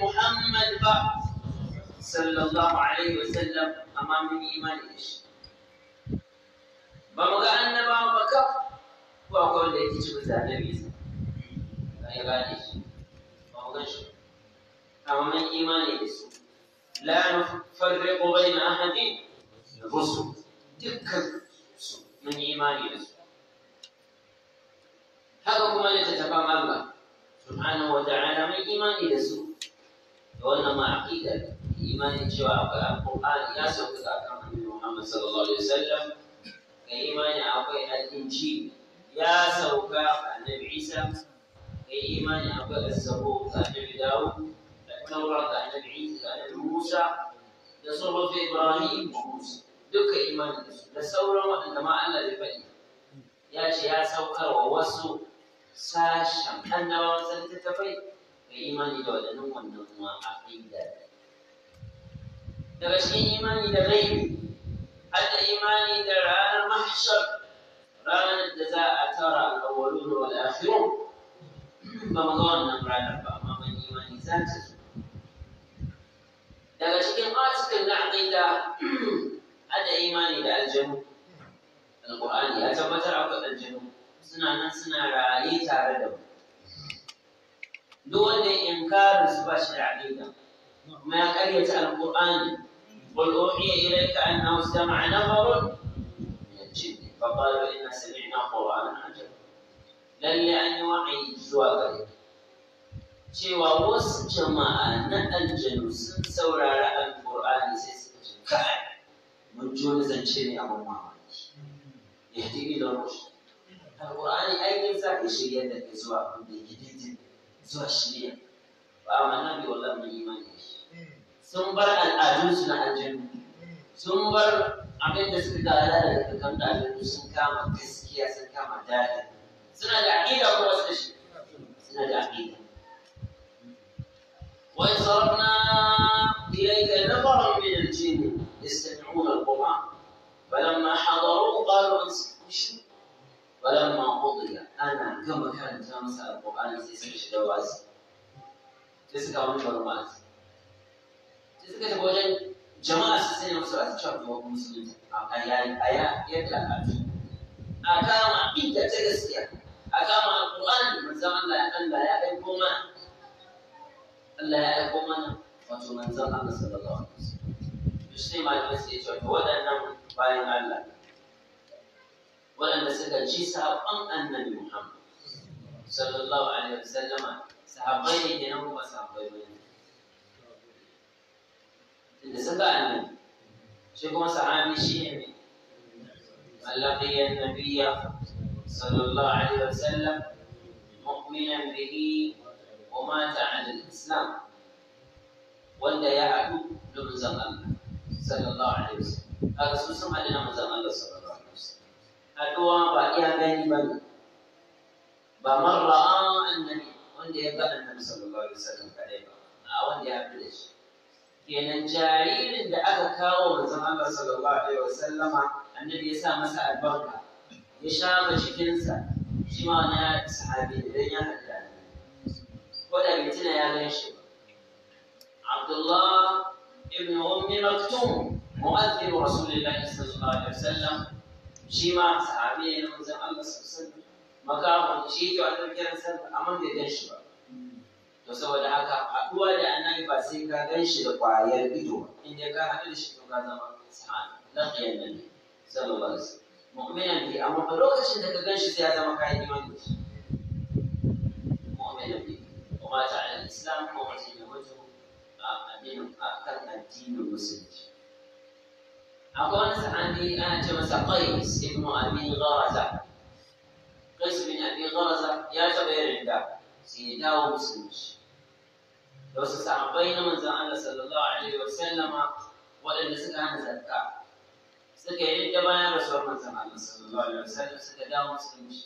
Muhammad ba sallallahu alaihi wasallam amma mun yi imani da shi ba mu ga annabawa ba kaf ba ko wanda yake ci ba ya gane ba mu gan shi amma mun imani da su la nufarriqu bayna ahadin rusul dukkan su mun yi da su kuma mun imani da su وإنما عقيدة إيمان جوا القرآن يا سوء محمد صلى الله عليه وسلم إيمان أقوى الإنجيل يا سوء النبي عيسى إيمان أقوى الزبور النبي داود التوراة النبي عيسى النبي موسى يصبح في إبراهيم وموسى دك إيمان لسورة عندما أنا لبني يا شيا سوكر ووسو ساشم أنا وسنت تفيد imani da waɗannan wannan ma aƙida daga cikin imani da gaibi hadda imani da ranar mahshar ranar da za a tara al'awwalu da wal'afiru ba mu ga wannan ranar ba amma ban imani za ta zo daga cikin article na aƙida hadda imani da aljanu alƙur'ani ya tabbatar akwai aljanu suna nan suna raye tare da mu دول إنكار سباش عديدة ما قرية القرآن قل أوحي إليك أنه استمع نفر من الجن فقالوا إنا سمعنا قرآن عجب لن يعني وعي سوى ذلك شيء وغوص شماء نأل جنوس سورة القرآن سيسكت كأي من جنوز الجن أبو ما يهدي لروش القرآن أي نفسك شيء يدك سوى كل zuwa shirya ba a mana bi wallah mun hmm. sun bar al'adunsu na aljanu hmm. sun bar abin da suka gada da dukkan aljanu sun kama gaskiya sun kama daɗi suna da aƙida kuma su da shi suna da aƙida ويسرنا إليك نفرا من الجن يستمعون القرآن فلما حضروه قالوا انصتوا bayan ma ƙudiya ana gama karanta masa alƙur'ani sai suka shiga wasi wani bari wasi sai suka tafi wajen jama'a su sanya masa wasi cewa musulunci a yadda al'adu a kama inda ta gaskiya a kama alƙur'ani manzan Allah Allah ya aiko mana Allah ya aiko mana wato manzan Allah waɗannan bayan Allah وأن سجل شيء ام انني محمد صلى الله عليه وسلم سأقم جنوب وسأقم جنوب إن سأقم شكو سأقم شيء ألقي النبي صلى الله عليه وسلم مؤمنا به ومات على الإسلام وأن يعدو لمزمل صلى الله عليه وسلم هذا سوسم علينا مزمل صلى الله عليه وسلم haɗuwa ba iya gani ba ne ba marra'a annabi wanda ya ga annabi sallallahu alaihi wasallam kadai ba a wanda ya fi da shi kenan jaririn da aka kawo manzon Allah sallallahu alaihi wasallama annabi ya sa masa albarka ya shafa cikinsa shi ma na sahabi da ya haɗu da ko da mitina ya gan shi Abdullah ibn Ummi Maktum mu'adhdhib Rasulullahi sallallahu alaihi wasallam shi ma sahabi ne na manzon Allah sosai makamun shi to an kiran a man bai gan shi ba to saboda haka haɗuwa da annabi ba sai ka gan shi da ƙwayar ido in dai ka haɗu da shi to ka zama sahabi laqiyan nabi sallallahu alaihi wasallam mu'minan bi amma ba lokacin da ka gan shi sai ya zama kai imani mu'minan bi wa ma ta'ala al-islam ko mutum ya mutu a kan addinin musulunci akwai wani sahabi ana ce masa qais ibn abi gharaza qais ibn abi gharaza ya taɓa yin rinda sai ya dawo musulunci da wasu sahabbai na manzon Allah sallallahu alaihi wasallama waɗanda suka hana zakka suka yi da bayan rasuwar manzon Allah sallallahu alaihi wasallam suka dawo musulunci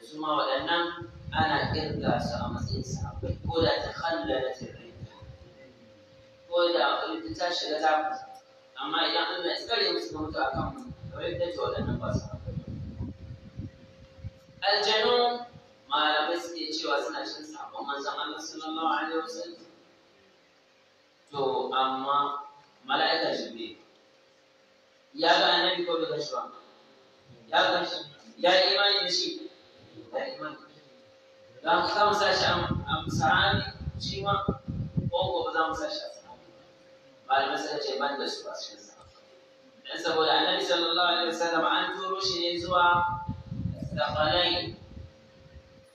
da su ma waɗannan ana kirga su a matsayin sahabbai ko da ta khallala ta rinda ko da ta shiga ta amma idan Allah ya tsare musu da mutu akan mu kamar yadda ce waɗannan ba su aljanu malamai suke cewa suna cin sabon manzon Allah sallallahu alaihi wasallam to amma mala'ika jibril ya ga annabi ko bai shi ba ya ga shi ya yi imani da shi ya yi imani za mu sa shi a sa'ani shi ma ko ko ba za mu sa shi a قال مسألة من دسوا نسبوا إلى النبي صلى الله عليه وسلم عن فروش يزوى ثقلين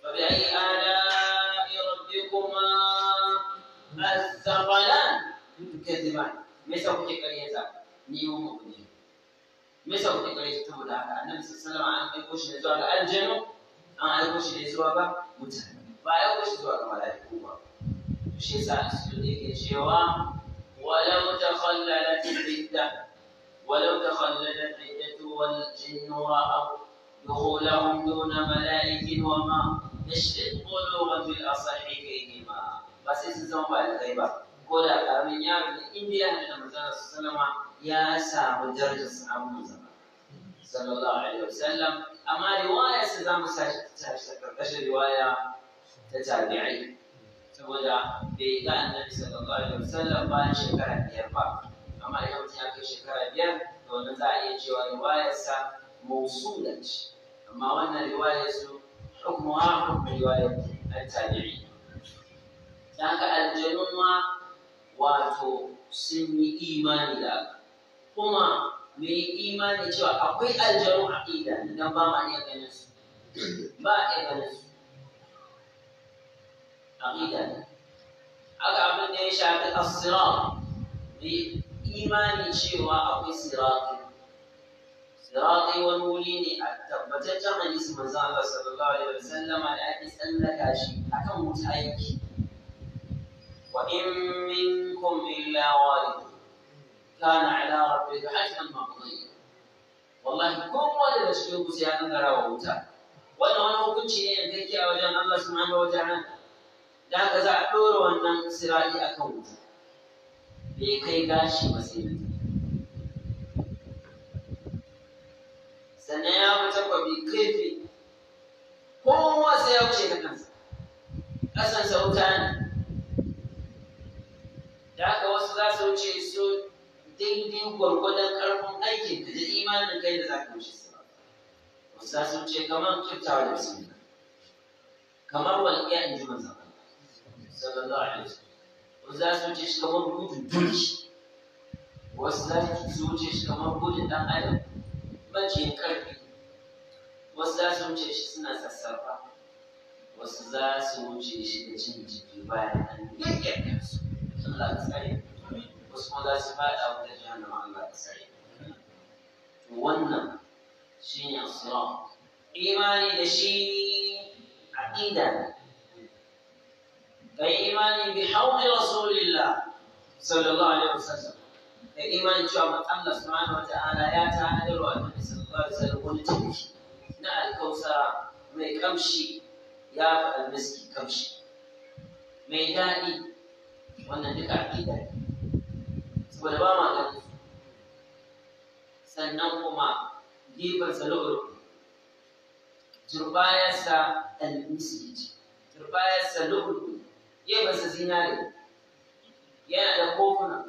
فبأي آلاء ربكما الثقلان كذبان مسوا حكاية نيوم وقليل مسوا حكاية تولى على النبي صلى الله عليه وسلم عن فروش يزوى الجنوب أنا آه، أقول شيء يزوى بمتن فأي أقول شيء يزوى كما لا يكون شيء سعيد سعيد ولو تخللت العدة ولو تخللت العدة والجن رأوا دخولهم دون ملائك وما يشتد بلوغا في الأصح بس يسلم بعد الغيبة ko da ƙaramin yaro ne in ya haɗu da manzon sallama ya samu darajar sahabban manzon sallallahu alaihi wasallam amma riwaya sa zamu sashi ta karkashin riwaya ta tabi'ai saboda bai ga annabi sallallahu alaihi wasallam bayan shekara biyar ba amma idan mutum ya kai shekara biyar da wannan za a iya cewa riwayarsa mausula ce amma wannan riwayar su hukmuwa hukmu riwayar tabi'i dan haka aljanun ma wato sun yi imani da kuma me yi imani cewa akwai aljanu aqida idan ba ma iya ganin su ba iya ganin su aqida haka abin da ya shafi as-sirat bi imani cewa akwai sirati sirati wani wuri ne a tabbataccen hadisi manzo Allah sallallahu alaihi wasallama da ake tsallaka shi akan wuta aiki wa in minkum illa walid kana ala rabbika hajjan maqdiya wallahi kowa daga cikin ku sai an gara wa wuta wannan wani hukunci ne yankake a wajen Allah subhanahu wa ta'ala da ka za a ɗora wannan sirari a kan wuta bai kai gashi ba sai mutum sannan ya fita kwabi kaifi kowa sai ya wuce ka kansa ƙasan wuta ne da haka wasu za su wuce su daidai gwargwadon ƙarfin aikin da da imanin kai da za ka wuce su wasu za su wuce kamar kyautawa da bismillah kamar walƙiya in ji manzan sallallahu alaihi wasallam wasu za su wuce shi kamar gudun doki wasu za su wuce shi kamar gudun dan adam karfi wasu za su wuce shi suna sassafa wasu za su wuce shi da cin jiki bayan an yayyaka su Allah ka tsare wasu kuma za su faɗa wata jahannama Allah ka tsare wannan shine asra imani da shi aqida كإيمان بحوض رسول الله صلى الله عليه وسلم كإيمان شعب الله سبحانه وتعالى يا تعالى النبي صلى الله عليه وسلم ونتمشي نا نعم، الكوثر ما يكمشي يا المسك كمشي ما يداني wannan duka aƙida ne saboda ba ma gani sannan kuma gefansa lo'oro turbayarsa al gebansa zinare yana da kofuna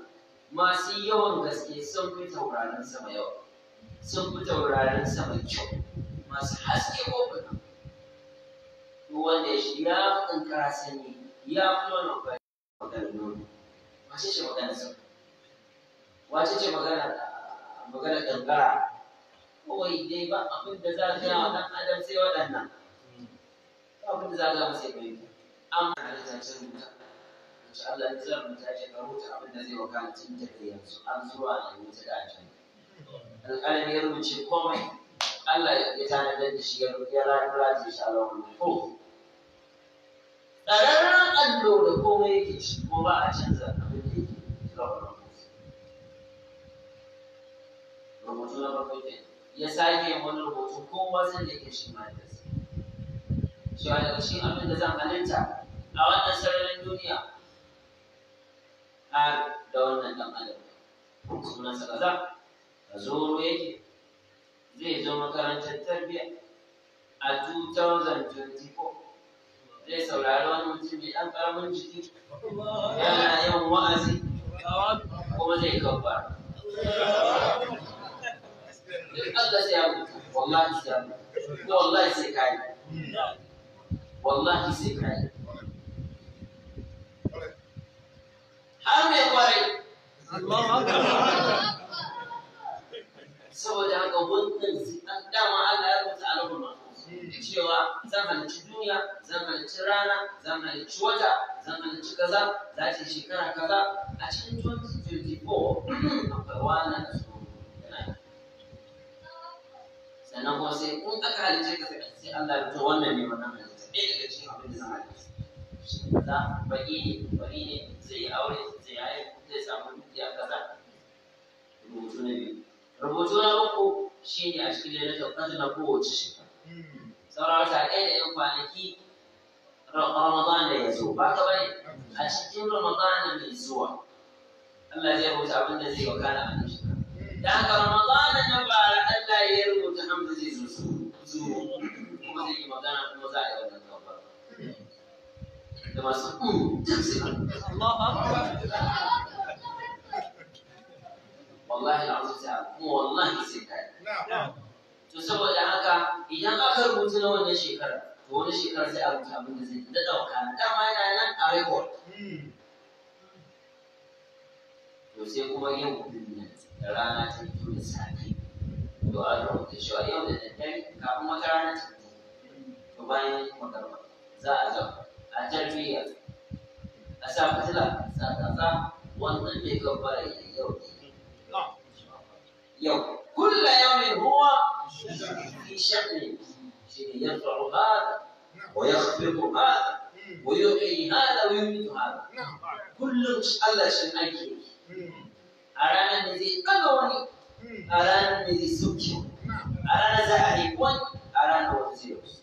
masu yawan gaske sun fi taurarin sama yau, sun fi taurarin sama kyau masu haske kofuna wanda ya shi ya fi ƙanƙara sanyi ya fi nuna da maganar nono wace ce maganar sama wace ce maganar maganar ƙanƙara kawai dai ba abin da za a gaya wa ɗan adam sai waɗannan ba abin da za a gaya masa ya fahimta an da ta rubuta insha Allah in zan rubuta ce ka rubuta abin da zai wakana tun da kai yanzu an zuwa da rubuta da ajin alƙalami ya rubuce komai Allah ya tanadar da shi ya rarra da shi Allah wani ko tsararren allo da komai yake shi ko ba a canza abin da yake zuwa wani rubutu na farko kenan ya sake wani rubutu kowa zai da yake shi ma da shi a yanzu shi abin da zan halitta a wannan sararin duniya har da wannan dan adam sunansa kaza a zoro yake zai zo makarantar tarbiyya a 2024 zai saurari wani mutum mai ɗan karamin jiki yana yin wa'azi kuma zai kabba duk Allah sai ya mutu wallahi sai ya mutu wallahi sai kai wallahi sai kai har mai kwarai saboda haka wannan zikan dama Allah ya rubuta a rubuta cewa zan halicci duniya zan halicci rana zan halicci wata zan halicci kaza za ta yi shekara kaza a cikin 2024 akwai wannan su sannan kuma sai in aka halicce ka sai Allah ya rubuta wannan ne wannan Zai ɗaya daga cikin abin da zan halicci shi kaza baki ne bari ne zai aure zai yayi zai samu dukiya kaza rubutu na biyu rubutu na uku shi ne a cikin lailatul qadr na kowace shekara sauran wata ɗaya da yan kwanaki ramadan da ya zo ba ka bane a cikin ramadan mai zuwa Allah zai rubuta abin da zai wakana a nan shekara da haka ramadan masu duk hmm, su wallahi na wasu ta kuma wallahi sai kai to saboda haka idan aka rubuta na wannan shekara to wani shekara sai a rubuta abin da zai da dauka dama yana nan a record hmm. to sai kuma yau din da rana ta fito da safe to an rubuta cewa yau da daddare kafin wata ta fito to bayan magarba za a zama الجلبية أسام مثلا سنتطلع ونطبق بري يوم يوم كل يوم هو في شأن يرفع هذا ويخفض هذا ويحيي هذا ويميت هذا كل الله شن أيكي أرانا نزي قلوني أرانا نزي سكي أرانا زهري كوني أرانا وزيوس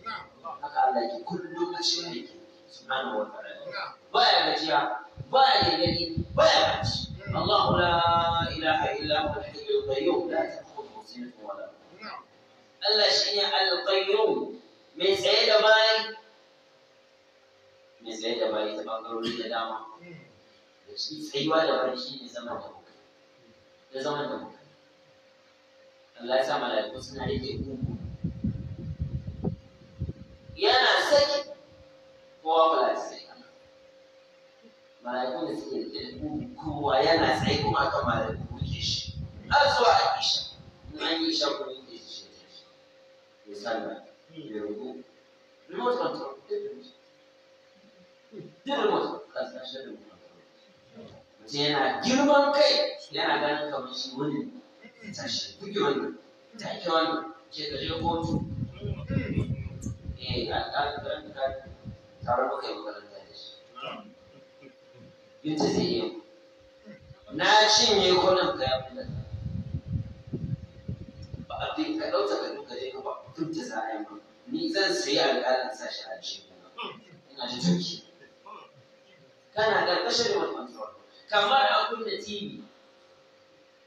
هكذا الله كل شيء سبحانه وتعالى بايا بجيا بايا جدي بايا الله لا اله الا هو الحي القيوم لا تاخذه سنه ولا الله شيء القيوم من سيد باي من سيد باي تبارك da dama. da shi tsayuwa da wani shi ne zaman da muka da zaman da muka Allah ya sa mala'iku suna rike kuku yana saki kowa mala'iku mala'iku da suke da kowa yana tsaye kuma kan mala'iku muke shi har zuwa a isha in an yi isha kuma yake shi ya sanna ya rubu remote control duk remote kasashen remote control mutum yana girman kai yana ganin kamar shi wani tashi kuke wannan take wannan ke kaje kotu eh a ƙarƙar tare muka yi makaranta da shi yadda zai yi na cinye kwanan kayan filan ba a fi ka ɗauta ka duka je ka ba tun ta za a yi ba ni zan sayi alƙalin sa shi a cikin ina ji turki kana da kashin remote control kamar a kunna tv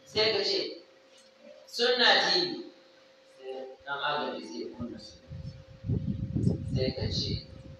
sai ka ce suna tv sai na magani zai kunna su sai ka ce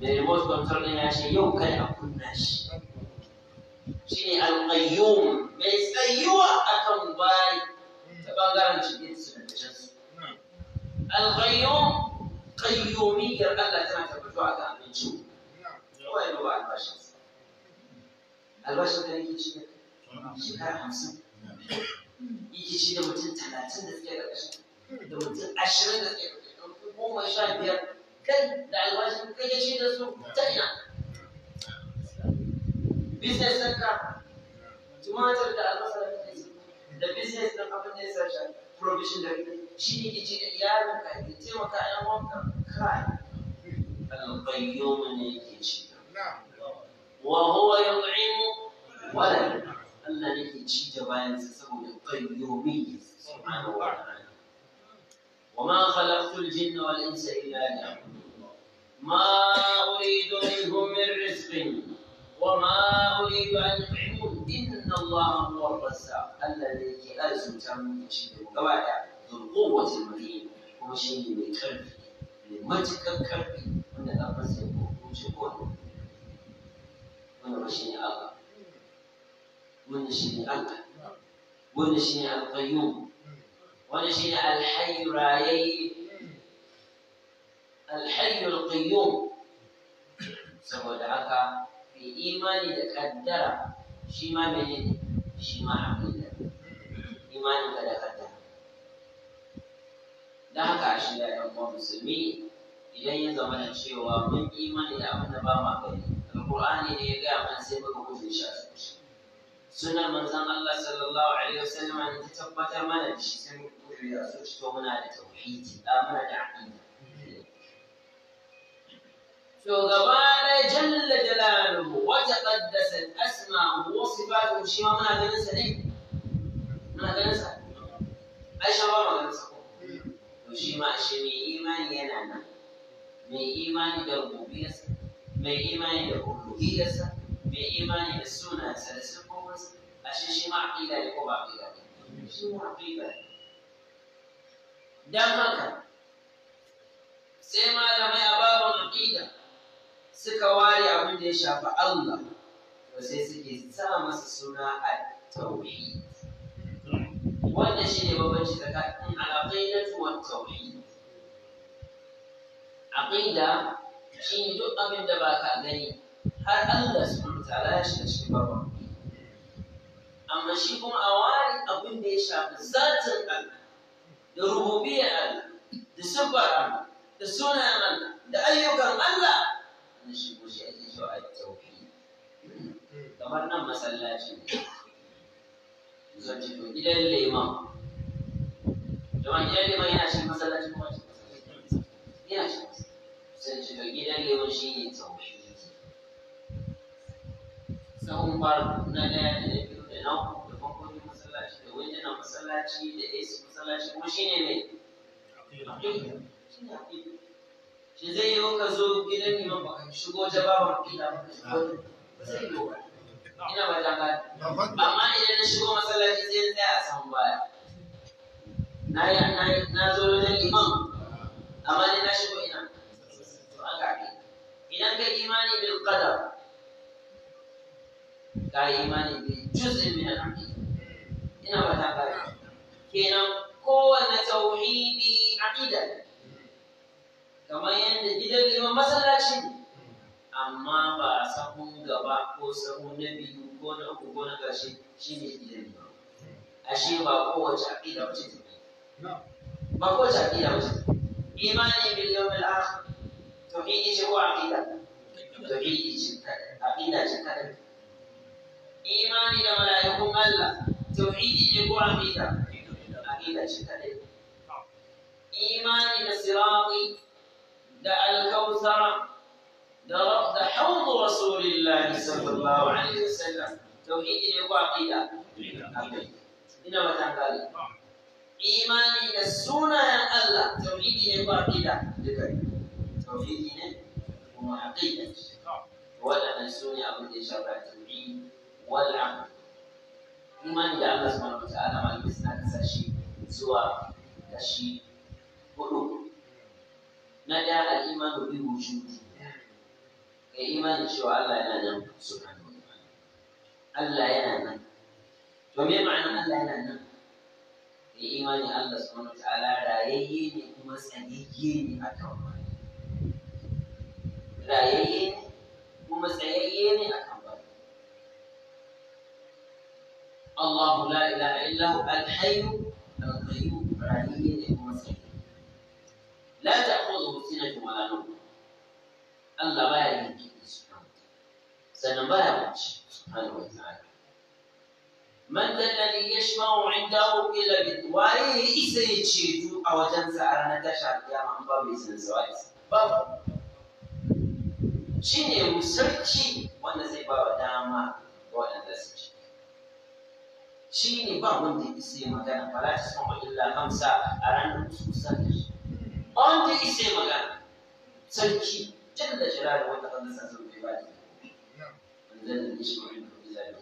da remote control ɗin ya ce yau kai a kunna shi shi ne alƙayyum mai tsayuwa akan bayi ta ɓangaren cikin su da su alƙayyum ƙayyumiyar Allah tana tabbatu a kan abinci yawa ya duba albashinsa albashin da yake ci shekara hamsin yake ci da mutum talatin da suke da da mutum ashirin da suke da goma sha biyar kai da alwashin kai ya shi da su ta ina business ɗinka tumatir da albasa da kake da business ɗin abin da ya sa shi provision da kake shi ne ke ce da yaron ka ya taimaka a yan ka kai alƙayyomi ne yake ci wa huwa yut'imu Wala la Allah ne ke ci da bayansa saboda qayyomi subhanahu wa ta'ala وما خلقت الجن والإنس إلا ليعبدون ما أريد منهم من رزق وما أريد أن يطعمون إن الله هو الرزاق الذي أرزقكم من شدة القواعد ذو القوة المتين ومشي بالكرب لمجد الكرب من الأرز يكون شكون من مشي الله من مشي الله ونشيع القيوم ونشيع الحي رايه alhayyul qayyum saboda haka mai imani da kaddara shi ma menene shi ma aqida imanin ka da kaddara dan haka a shi da ɗan uwa musulmi idan ya zama da cewa mun imani da abin da ba ma gani alqur'ani ne ya gaya mana sai muka gudun shi a zuci sunan manzon Allah sallallahu alaihi wasallam ne ta tabbatar mana da shi sai muka guje a zuci to muna da tauhidi muna da aqida شوغبانا جل جلاله وتقدست أسماؤه وصفاته شيما من هذا ننسى ليه؟ من هذا ننسى؟ أيش ما ننسى؟ وشيما شمي إيمان ينانا من إيمان دربوبية من إيمان دربوبية من إيمان السنة سلسل قومس عشان شيما عقيدة لكم عقيدة شيما عقيدة دمك سيما لما يا suka ware abin da ya shafi Allah to sai suke sa masa suna a tauhid wannan shi ne bambanci tsakanin na al'aqidatu wa Akwai da, shi duk abin da ba ka gani har Allah subhanahu ta'ala ya shiga cikin babban amma shi kuma a ware abin da ya shafi zatin Allah da rububiyyar Allah da sabbar Allah da sunayen Allah da ayyukan Allah an shigo shi ake so a tauki kamar nan masallaci zan ce to gidan liman jama'a gidan liman yana cikin masallaci kuma cikin masallaci yana cikin masallaci ce to gidan liman shi ne tauki sahun farko na daya da na biyu da na uku da bankokin masallaci da wajen masallaci da AC masallaci kuma shine ne. Shine shi zai yi ka zo gidan imam ba ka shigo jabawan kila ba ka shigo ba zai yi ba ina ba da amma idan na shigo masallaci zai tsaya a samu baya na yi na zo wajen imam amma ne na shigo ina to an gaɓe idan ka imani bil qadar ka imani bil juz'in min al-aqida ina ba da kenan kowanne tauhidi aqida kamar yadda gidan liman masallaci ne amma ba a sahun gaba ko sahun na biyu ko na uku ko na ƙarshe shi ne gidan liman ashe ba kowace aƙida wace ta ba kowace aƙida wace ta imani bil yawmil akhir tauhidi ce ko aƙida tauhidi ce aƙida ce kaɗai. imani da mala'ikun Allah fi ne ko aƙida aƙida ce kaɗai. imani da sirati da alkausara da da haudu rasulillahi sallallahu alaihi wasallam tauhidi ne ko aqida ina mata kali imani da sunayen Allah tauhidi ne ko aqida duka tauhidi ne kuma aqida Wala su ne abin da shafa tauhidi wal amal imani da Allah subhanahu wa ta'ala ma suna kasashe zuwa kashi hudu na ɗaya al'imanu bil wujudi kai imani cewa Allah yana nan subhanahu wa ta'ala Allah yana nan to me ma'anar Allah yana nan kai imani Allah subhanahu wa ta'ala rayayye ne kuma tsayayye ne akan wani rayayye ne kuma tsayayye ne akan wani Allah la ilaha illahu al-hayyu al-qayyum rayayye ne kuma tsayayye la ta'ala Allah baya yin kiɗi sannan baya bacci subhanahu wa ta'ala man da ladhi yashma'u 'indahu illa bi waye ya isa ya ceto a wajen sa a ranar tashar kiyama an ba mai san sa waye ba ne sarki wanda zai ba wa dama ga waɗanda su ce shi ne ba wanda ya isa ya magana ba za ta sama illa kamsa a ranar tusa da shi wanda ya isa ya magana sarki جل جلاله وتقدس اسمه في عباده الذين يشركون بالله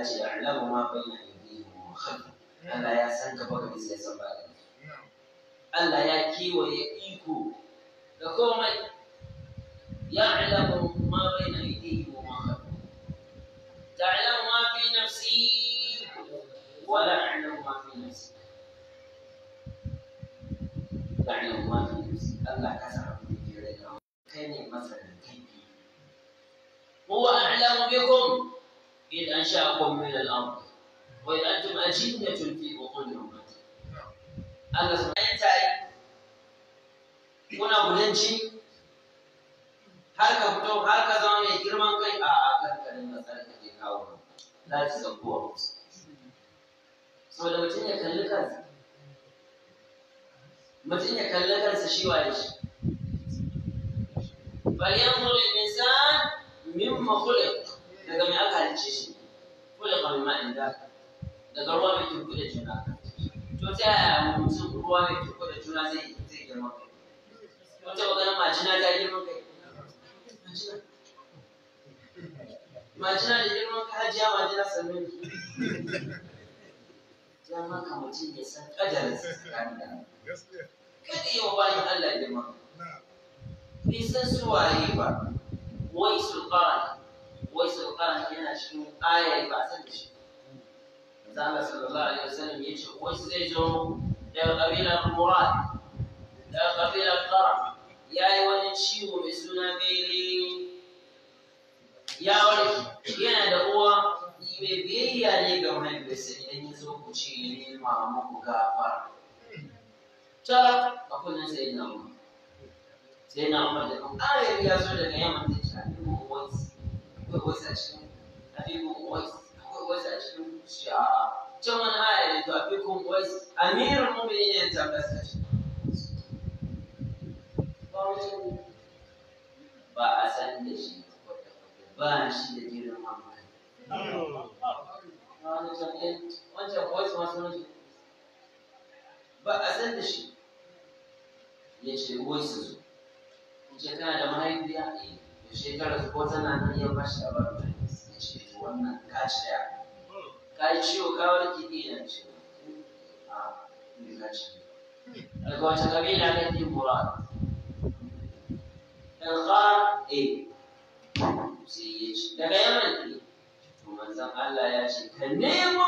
التي اعلم ما بين ايديهم وما خلفهم نعم. الا يا سانك بوكا بس يا سبالا الا يا كي ويا ايكو لكم يعلم ما بين ايديهم وما خلفهم تعلم ما في نفسي ولا اعلم ما في نفسي تعلم ما في نفسي الله كسر kai ne masanin kaifi huwa a'lamu bikum إذ أنشأكم من الأرض وإذ أنتم أجنة في بطون أمهاتكم Allah subhanahu ta'ala kuna gudanci har ka fito har ka zama mai girman kai a kankanin matsar da ke kawo la ta sabuwa sau mutum ya kalli kansa mutum ya kalli kansa shi waye shi فلينظر الانسان مما خلق لكن من اكل الجيش خلق من ماء ذاك ذكروا من تقول الجنة توتا مسكروا من تقول الجنة زي زي جماعة توتا وكان ما جنا جاي يومك ما جنا جاي يومك حاجة ما جنا سمين جماعة كم تيجي سان أجلس كذي يوم بالي الله يجمعنا Ni san su waye ba wai sulqan wai sulqan yana cikin aya ba ta da shi manzo Allah sallallahu alaihi wasallam yace wai su zai zo da kabilar murad da kabilar qara yayi wani ciwo mai suna bere ya wani yana da uwa mai biyayya ne ga mahaifiyarsa idan ya zo ku ce ne ma muku ba. ta akwai nan sai na sai na umar da kan ƙara ya zo daga yamma ta ce abin mu uwais akwai uwais a cikin abin mu uwais akwai uwais a cikin shi'a can wani aya ne to abin kun uwais amirin mu'minin ne ta kasa shi ba a san da shi ba shi da girma hmm. wancan uwais masu mutu ba a san da shi ya ce uwais shekara da mahaifiya da shekara ko tana nan iya bashi a bar mai ya ce wannan ka ci da ka yi ciwo ka warke ce a ne ka ci daga wata kabila ka ke mura daga ƙara sai ya ci daga yaman ne manzan Allah ya ce ka nemo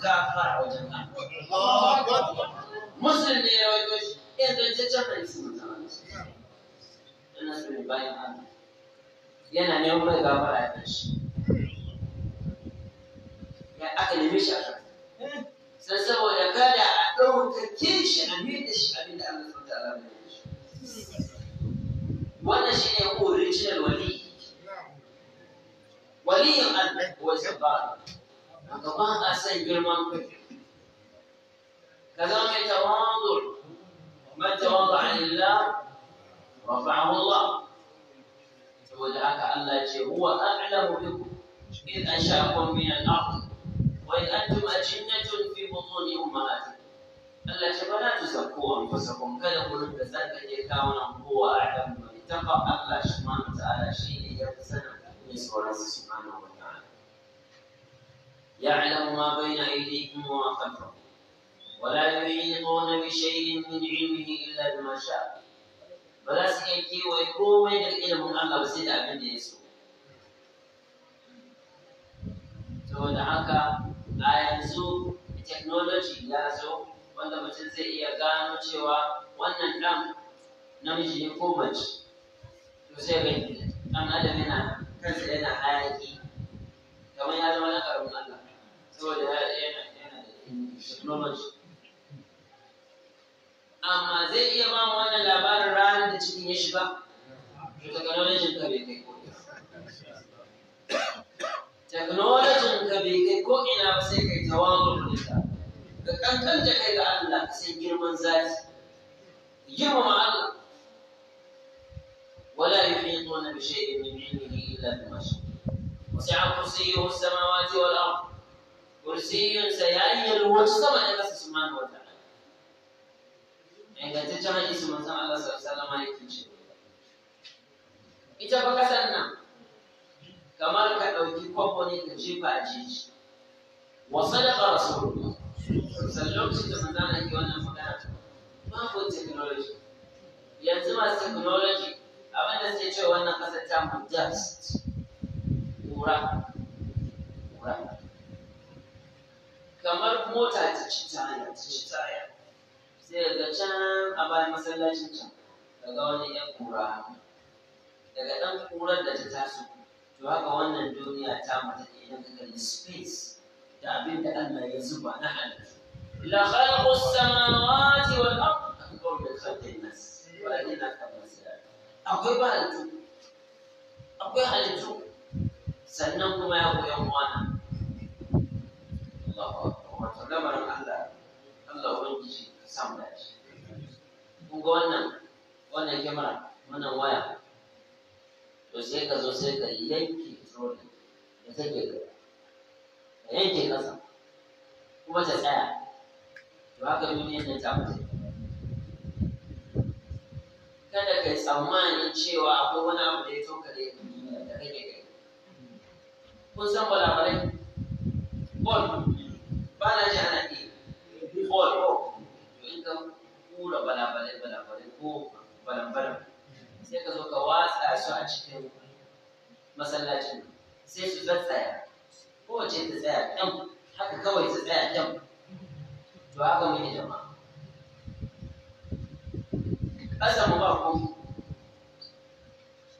kafa a wajen Allah musulmi ya shi ingantaccen hadisi manzan Allah ina so in bayan Allah yana neman mai gafara ya tashi ya aka neme shi a kan sai saboda kada a ɗaukake shi a mai da shi abinda Allah subhanahu wa ta'ala ya yi wannan shi ne original wali waliyin Allah ko jabbar haka ba a san girman kai ka zama mai tawazu man tawazu lillah رفعه الله فودعك ألا شيء هو أعلم بكم إذ أنشأكم من الأرض وإذ أنتم أجنة في بطون أمهاتكم ألا شيء فلا تزكوا أنفسكم كذا يقول أنت زكى هو أعلم من اتقى ألا سبحانه وتعالى شيء يبسنا سبحانه وتعالى يعلم ما بين أيديكم وما خلفكم ولا يحيطون بشيء من علمه إلا بما شاء ba za su iya kewaye komai da ilimin Allah ba sai da abin da ya so saboda haka a yanzu technology ya zo wanda mutum zai iya gano cewa wannan ɗan namiji ne ko mace to sai ga ɗan adam yana kansa yana hayaki kamar ya zama na ƙarfin Allah saboda ya yana da technology amma zai iya ba wannan labarin ranar da cikin ya shiga to technology ka bai kai ko technology ka bai kai ko ina ba sai kai tawazu da ta ka kankan da kai ga Allah ka san girman zati girmama Allah ولا يحيطون بشيء من علمه إلا بما شاء وسع كرسيه السماوات والأرض كرسي سيأيل وجسم إلى سبحانه وتعالى ingantaccen hadisi manzon Allah sallallahu alaihi wasallam ce ita fa kasan nan kamar ka ɗauki kwakwa ne ka jefa a jeji wa sadaqa rasulullah sallallahu alaihi wasallam da manzon Allah wannan magana babu technology yanzu masu technology abin da suke cewa wannan kasar ta mu dust kura kura kamar mota ta ci ta hanya ta ci ta hanya sai daga can a bayan masallacin can daga wani yan kura daga ɗan kurar da ta taso to haka wannan duniya ta mata idan ka kalli space da abin da Allah ya zuba na halittu la khalaqu samawati wal ard akbar min khalqin nas walakin akwai ba halittu akwai halittu sannan kuma ya koyan kwana Allahu Allah Allah samu dace kun ga wannan wannan kyamara wannan waya to sai ka zo sai ka yanke tsoron da take gaba ka yanke ƙasa kuma ta tsaya to haka duniyar nan ta fita kada ka yi tsammanin cewa akwai wani abu da ya toka da ya duniya da kake gani kun san balabalai bol ba na ji ana iya bol ka kura balabalai balabalai ko balambalan sai ka zo ka watsa su a cikin masallacin sai su tsaya kowace ta tsaya ɗan haka kawai ta tsaya ɗan to haka muke jama'a ƙasa mu ba ku.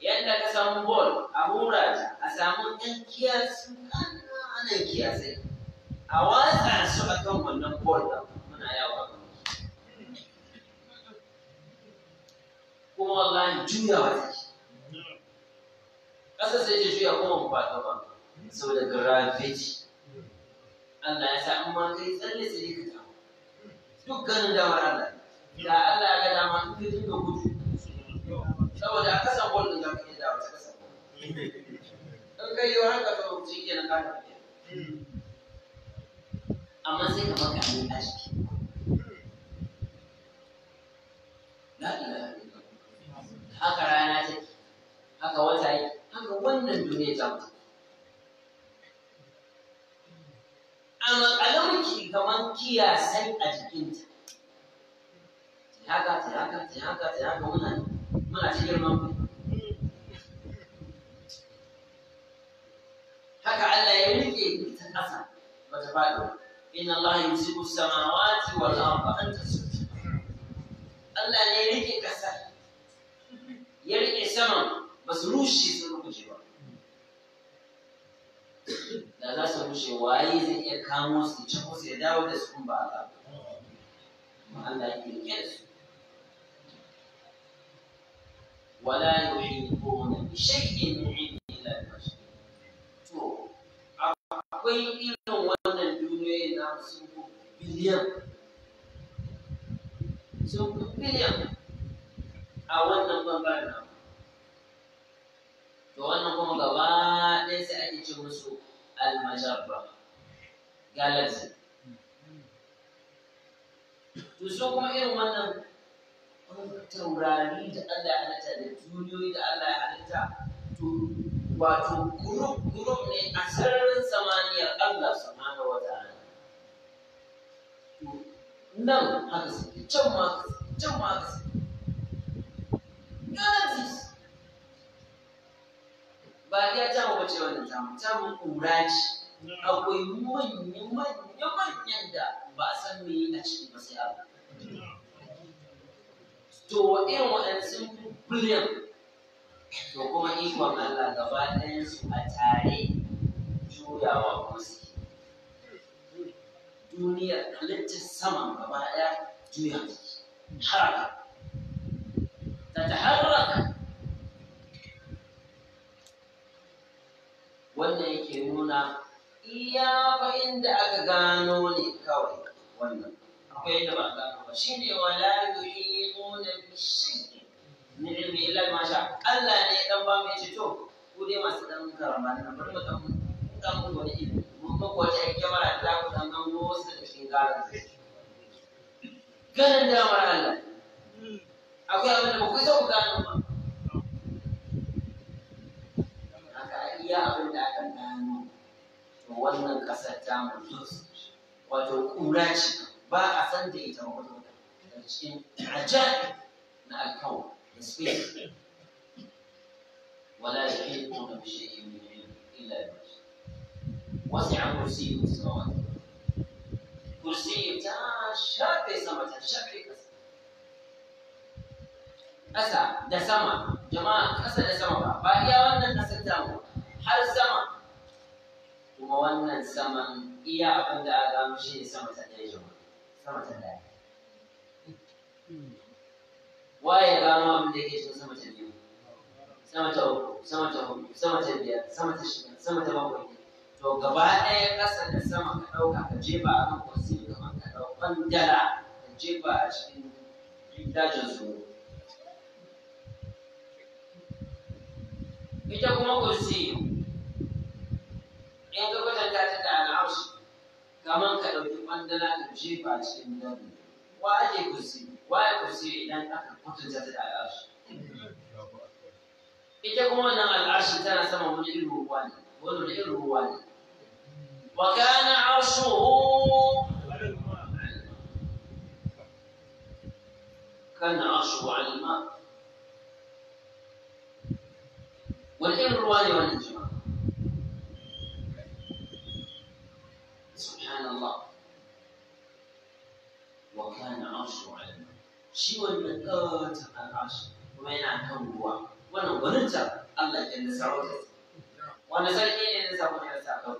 yadda ka samu bol a hura ta a samu ɗan kiyasu ƙananan kiyasai a watsa su a kan wannan bol ɗin muna yawa kuma wallahi juyawa take ƙasa sai ce juya kuma ba ta ba da gravity Allah ya sa in ma kai tsalle tsalle ka ta dukkanin damar Allah da Allah ya ga dama in kai dinga gudu saboda a kasan bol din da ka iya dawo ta kasan bol in kai yau haka to shi ke na kara amma sai ka maka abin tashi la ilaha haka rana take haka wata yi haka wannan duniya ta mutu a matsalarki kamar kiyasai a jikinta ta haka ta haka ta haka ta haka muna muna ta girman haka Allah ya rike ta ƙasa ba ta faɗo inna Allah yumsiku samawati wal arda an tasuba Allah ne ya rike ƙasa ya riƙe saman ba su rushe sun rukuje ba da za su rushe waye zai iya kamo su ci ko su ya dawo da su ba Allah ba Allah ya riƙe su wala ko wani yuhibbuna bi shay'in min illa to akwai irin wannan duniyoyin na sun biliyan sun biliyan a wannan bangaren namu to wannan kuma gaba ɗaya sai ake ce musu almajarra galaxy to su kuma irin wannan taurari da Allah ya halitta da duniyoyi da Allah ya halitta to wato group group ne a sararin samaniya Allah subhanahu wa ta'ala nan haka suke can ma haka suke can ma haka suke none of this ba ya tamu ba akwai da ba a san me a ciki ba to biliyan to kuma ikon Allah gaba su a tare juyawa kuma duniyar halittar saman gaba ɗaya juya haraka تتحرك wannan yake nuna iya fa inda aka gano ne kawai wannan akwai yadda ba gano ba shi ne wa la yuhituna bi shay'in min ilmi illa ma sha Allah ne dan ba mai ce to ku dai masu dan karama na bari mu dan dan mu wani ilmi mun ba ko ta kyamara da za ku dan gango su da shingaran Ganin da mara Allah akwai abin da ba ku ku gano ba haka iya abin da aka gano to wannan ƙasar ta mutus wato ƙura ce ba a san da ita ba wata da cikin ajaib na alkawo da spain ولا يحيطون بشيء من علم الا بما وسع كرسيه السماوات كرسيه تشافي سما تشافي ƙasa da sama jama'a ƙasa da sama ba ba iya wannan ƙasar tamu har sama kuma wannan saman iya abin da aka gano shi ne sama ta ɗaya jama'a sama ta ɗaya waye gano abin da yake cikin sama ta biyu sama ta uku sama ta hudu sama ta biyar sama ta shida sama ta bakwai to gaba ɗaya ƙasa da sama ka ɗauka ka jefa a kan kwasi kamar ka ɗau ɓangala ka jefa a cikin dajin tsoro ita kuma kursi in ka kwatanta ta da al'arshi kamar ka ɗauki ƙwandala ka jefa cikin dabu wa ake kursi wa ya kursi idan aka kwatanta ta da al'arshi ita kuma wannan al'arshi tana sama wani irin ruwa ne wani wani irin ruwa ne wa kana arshuhu kana arshuhu alma والإبر الرواية والانجمام سبحان الله وكان عرشه على الماء شو المكات العرش وبين عنكم هو وانا ونرجع الله جل سعوده وانا سالكين ان سعوده على سعوده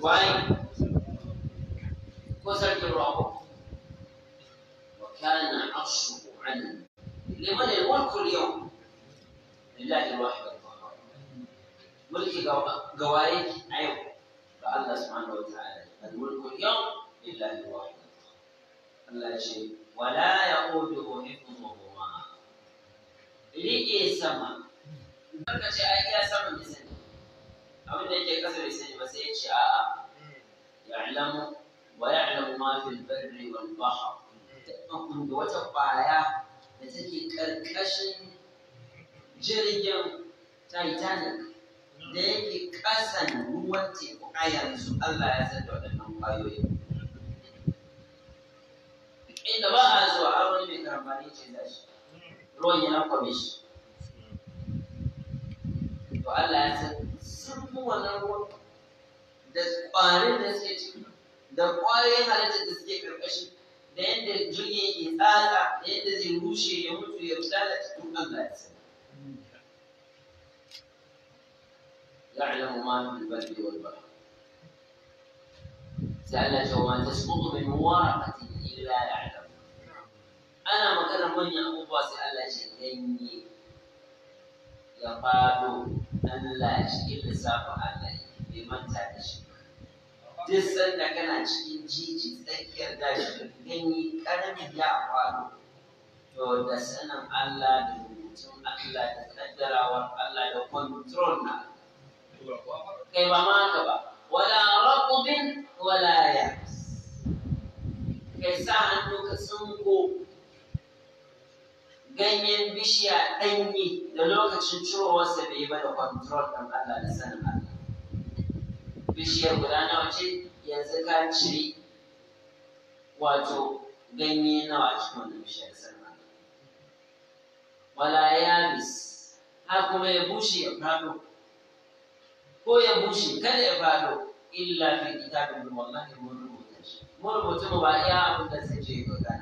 وين كسرت الرعب وكان عرشه على لمن الملك اليوم؟ لله الواحد القهار ملك جوارك عيب فالله سبحانه وتعالى الملك اليوم لله الواحد القهار الله شيء ولا يؤوده حفظهما لي ايه السماء. بركه شيء ايه سما بسن او ان انت كسر بسن بس ايه يعلم ويعلم ما في البر والبحر أقوم بوتر da take ƙarƙashin jirgin titanic da yake ƙasan ruwan teku a yanzu allah ya san da waɗannan ƙwayoyi inda ba a zuwa a wani mai karambani ce da shi ruwan ya kwame shi to allah ya san sun fi wannan ruwan da ƙwarin da suke ciki da ƙwayoyin halittar da suke ƙarƙashin da yadda jirgin yake tsatsa da yadda zai rushe ya mutu ya rudana cikin Allah ya يعلم ما في البر والبحر سألت وما تسقط من ورقة إلا يعلم أنا مكان من يأبوا سأل شيئين يقال أن لا شيء لسافة عليه بمن تعيش duk sanda kana cikin jiji tsakiyar gashi ganye karamin ya faru to da sanin Allah da rubutun Allah da kaddarawar Allah da control na kai ba ma haka ba wala raqbin wala ya kai sa hannu ka tsinko ganyen bishiya ɗanyi da lokacin cirowarsa bai ba da control ɗin Allah da sanin Allah bishiyar guda na ce yanzu ka cire wato ganye nawa a cikin wannan bishiyar sarma wala ya bis ha kuma ya bushe ya fado ko ya bushe kada ya fado illa fi kitabin mu wallahi mun rubuta shi mun rubuta mu ba iya abin da sai je ga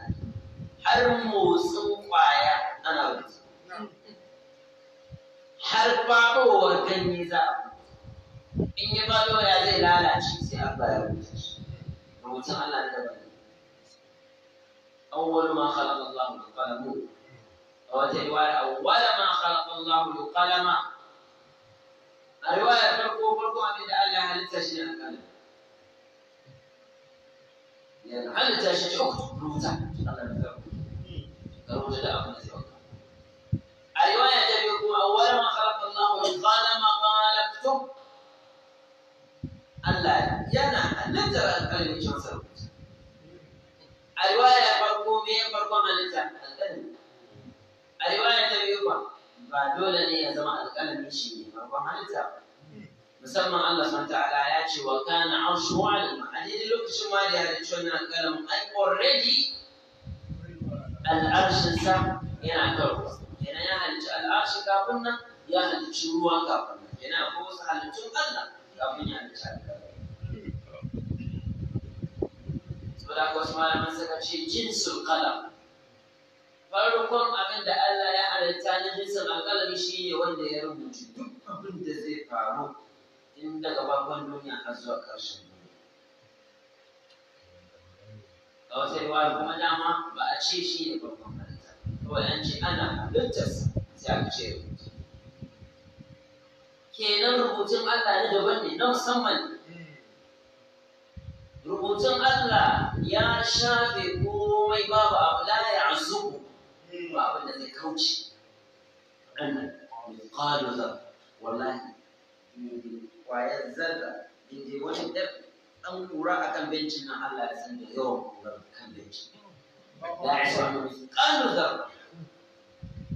har motsin kwaya ana rubuta har wa ganye za a in ya faɗo ya zai lalace sai Allah ya rubuta shi rubutun Allah da daban awwal ma khalaqa Allah al-qalam a wata riwaya awwal ma khalaqa Allah al-qalam a riwaya farko farko abin da Allah ya halitta shi ne al-qalam ya halitta shi ta rubuta Allah ya rubuta da abin da zai a riwaya ta biyu kuma awwal ma khalaqa Allah al-qalam qala اكتب Allah yana halittar alƙalami shi masa rubutu a riwaya farko me farkon halitta alƙalami a riwaya ta biyu ba ba dole ne ya zama alƙalami shi ne farkon halitta ba musamman Allah subhanahu ta'ala ya ce wa kana arshu alal a daidai lokacin ma da ya halicci wannan alƙalamin ai already al'arshin sa yana kan ruwa kenan ya halicci al'arshi kafin nan ya halicci ruwa kafin nan kenan akwai wasu halittun Allah kafin ya nisa saboda wasu malaman suka ce jinsul kalam farkon abin da Allah ya halitta na jinsin alƙalami shi ne wanda ya rubuta duk abin da zai faru in daga bakon duniya har zuwa ƙarshen a wata riwaya kuma dama ba a ce shi ne farkon halitta kawai an ce ana halittarsa sai aka ce kenan rubutun Allah na daban ne na musamman rubutun Allah ya shafe komai babu abu la ya azubu ba abin da zai kauce wannan qalu za wallahi kwayar zarra inda wani dan kura akan bencin nan Allah ya san da yawan kura kan bencin la ya san qalu zarra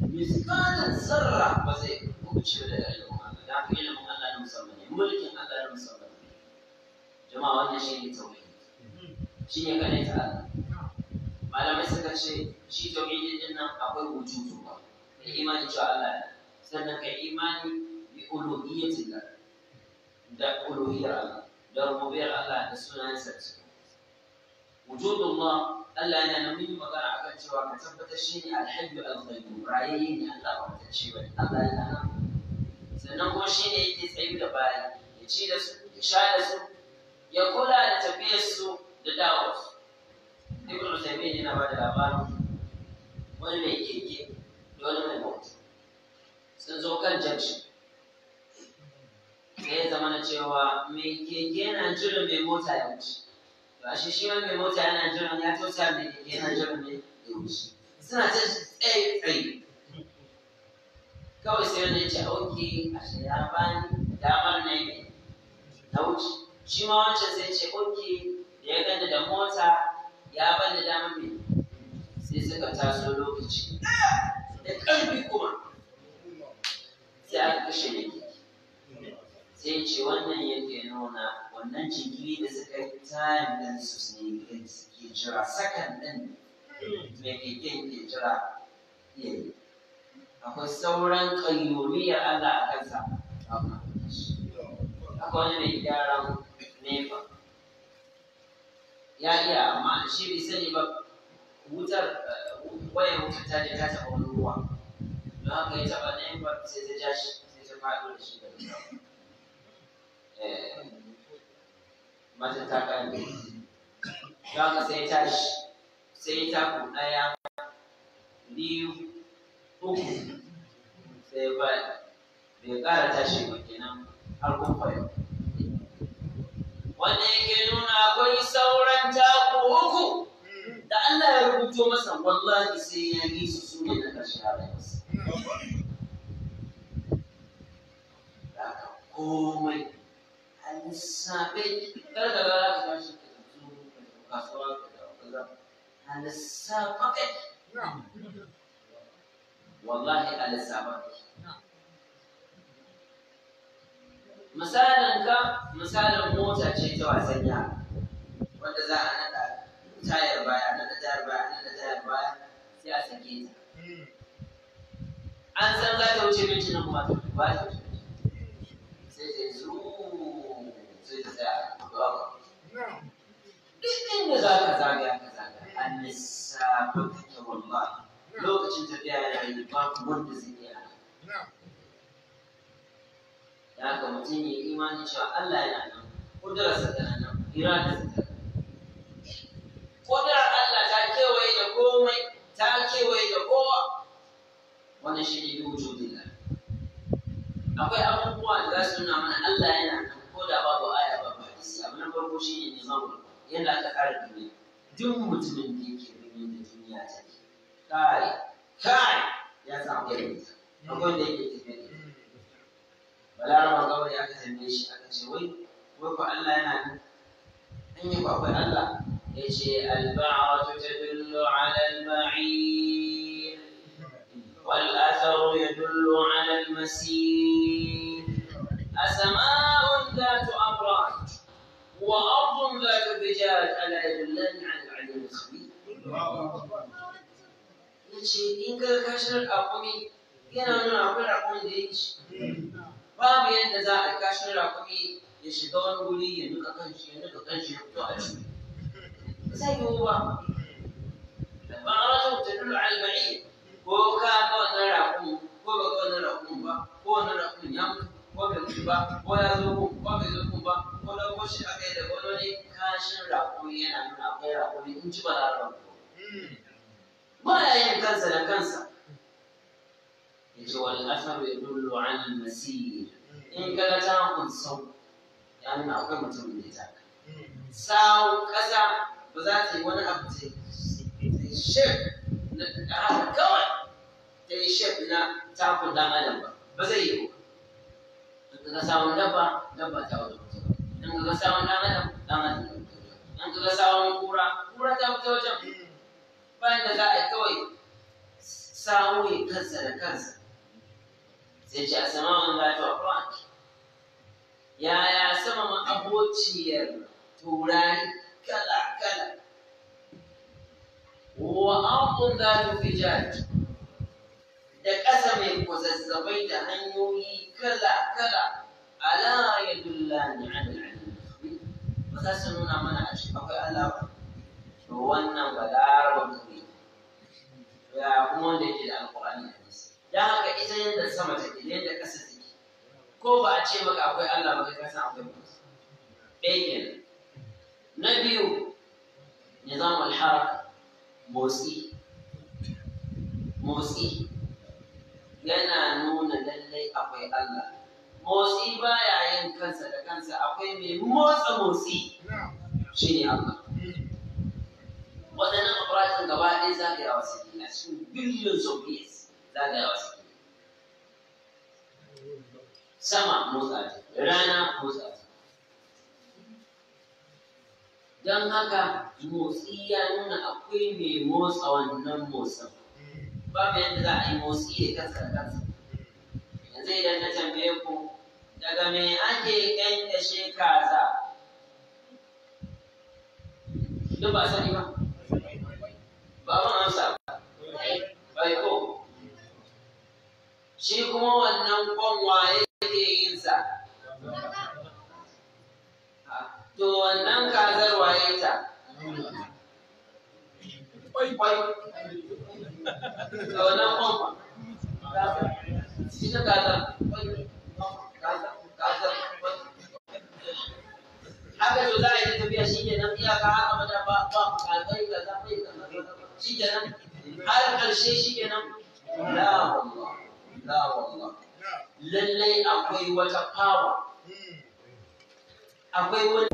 miskalan zarra ba zai kuce da yawa da ka ilimin Allah na musamman ne mulkin Allah na musamman ne jama'a wannan shi ne tauhid shi ne kaɗai ta Allah malamai suka ce shi tauhidin din nan akwai wujudu ba ka imani cewa Allah ne sannan ka imani bi uluhiyyatillah da uluhiyyar Allah da rububiyar Allah da sunayen sarki ma Allah yana nan mun magana akan cewa ka tabbatar shi ne alhayyu al-qayyum ne Allah ba ta ce ba Allah yana nan sannan kuma shi ne yake tsayu da bayi ya ci da su ya sha da su ya kula da tafiyar su da dawowarsu ibn Uthaymeen yana ba da labarin wani mai keke da wani mai mota sun zo kan jamshi sai ya zama na cewa mai keke yana jiran mai mota ya wuce Ba shi, shi wani mai mota yana jiran ya tosa mai keke yana jiran mai ya wuce suna ta tsaye tsaye kawai sai wani ce auki a shirya ya bani damar na yi na wuce shi ma wancan sai ce auki da ya gani da mota ya bani damar mai sai suka taso lokaci da ƙarfi kuma sai a kashe yake sai ce wannan yake nuna wannan jinkiri da suka yi ta din su ne ke jira sakan ɗin mai keken ke jira iya yi akwai sauran ƙayyumiyar Allah a kansa akwai wani mai gyaran nefa ya iya amma shi bai sani ba wutar wayar wutar ta je ta taɓa wani ruwa don haka ya taɓa nefa sai ta ja shi sai ta faɗo da shi da ruwa eh, mata ta ƙarfe don haka sai ta shi sai ta taku ɗaya biyu uku sai ba bai ƙara tashi ba kenan har kun fayo wanda yake nuna akwai sauran taku uku da Allah ya rubuto masa wallahi sai ya yi su su ne na ƙarshe a rayuwarsa komai a lissafe kar da ba za ka tashi ka zo kasuwa ka da wata za a lissafa والله على السابق مثلا ك مثلا موتا شيء توا سيا وانت زا انا تا تاير بايا انا تاير بايا انا تاير بايا سيا سكينة ان سان ذا توشي من شنو ما توشي بايا سي سي زو سي سي زا كذا كذا كذا كذا النساء بكتب الله lokacin tafiya ya yi babu wanda zai iya hana Ya haka mutum ya yi imanin cewa Allah yana nan ko kudurarsa tana nan iradarsa tana nan kudurar Allah ta kewaye da komai ta kewaye da kowa wannan shi ne bi wujudillah akwai abubuwa da za su nuna mana Allah yana nan ko da babu aya babu hadisi abu na farko shi ne neman Yana ta kara duniya duk mutumin da yake bin da duniya ta ke. kai kai ya samu ilimi akwai da yake tafiya da balaraba gawar ya ka tambaye shi aka ce wai wai ko Allah yana nan an yi ko akwai Allah ya ce alba'atu tadullu ala al-ba'id wal atharu yadullu ala al-masir asma'un dhatu amran wa ardun dhatu bijal ala yadullan ala al-alim al-khabir ta ce kashin rakumi yana nuna akwai rakumin da ya ci babu yadda za a kashin rakumi ya shiga wani wuri ya nuka kanshi ya nuka kanshi ya fito a ciki Zai sai yiwu ba ba a rasa ta nuna alba'i ko ka ga wannan rakumin ko ba ga wannan rakumin ba ko wannan rakumin ya mutu ko bai mutu ba ko ya zo kun ko bai zo kun ba ko da ko shi a kai da wani kashin rakumi yana nuna akwai rakumi in ci ba za a rakumi ولا ينكنس لكنسة يجي الأثر يدل على المسير إن كان تاكل سو يعني أقوى متم من يتاك ساو كسا بذاتي وأنا أبتي الشيب هذا آه، كوي تي يعني الشيب لا تاكل دام أدم بزيه إن كان ساو دبا دبا تاكل إن كان ساو دام أدم دام أدم إن كان ساو كورا كورا تاكل bayan da za a kawai samu ya kansa da kansa sai ce a sama mun za ta wa yaya sama ma abociyar turari kala kala wa abun za ta fi da ƙasa mai kwazazzabai da hanyoyi kala kala ala ya dulla ni an ba za su nuna mana a cikin akwai Allah ba wannan ba da arabin ya kuma wanda yake da alƙur'ani da hadisi dan haka ita yadda sama take ne yadda ƙasa take ko ba a ce maka akwai Allah ba kai ka san akwai mutum ɗaya na biyu nizam al motsi motsi yana nuna lallai akwai Allah motsi baya yin kansa da kansa akwai mai motsa motsi shine Allah waɗannan abubuwan gaba ɗaya za ka yi a wasu a cikin billion of years za ka yi a wasu sama motsa ce rana motsa ce don haka motsi ya nuna akwai mai motsa wannan motsa. ba yadda za a yi motsi ya kasa kasa yanzu idan na tambaye ku daga me ake ƙyanƙyashe kaza duk ba sani ba ba amsa bai ko shi kuma wannan kwan waye yake yin sa to wannan kazar waye ta kwai kwai wannan kwan fa shi ta kazar haka to za a yi tafiya shi ne nan iyaka haka mata ba ba mu kalbai ga shi kenan har ƙarshe shi kenan la wallah la wallah lallai akwai wata fawa akwai wani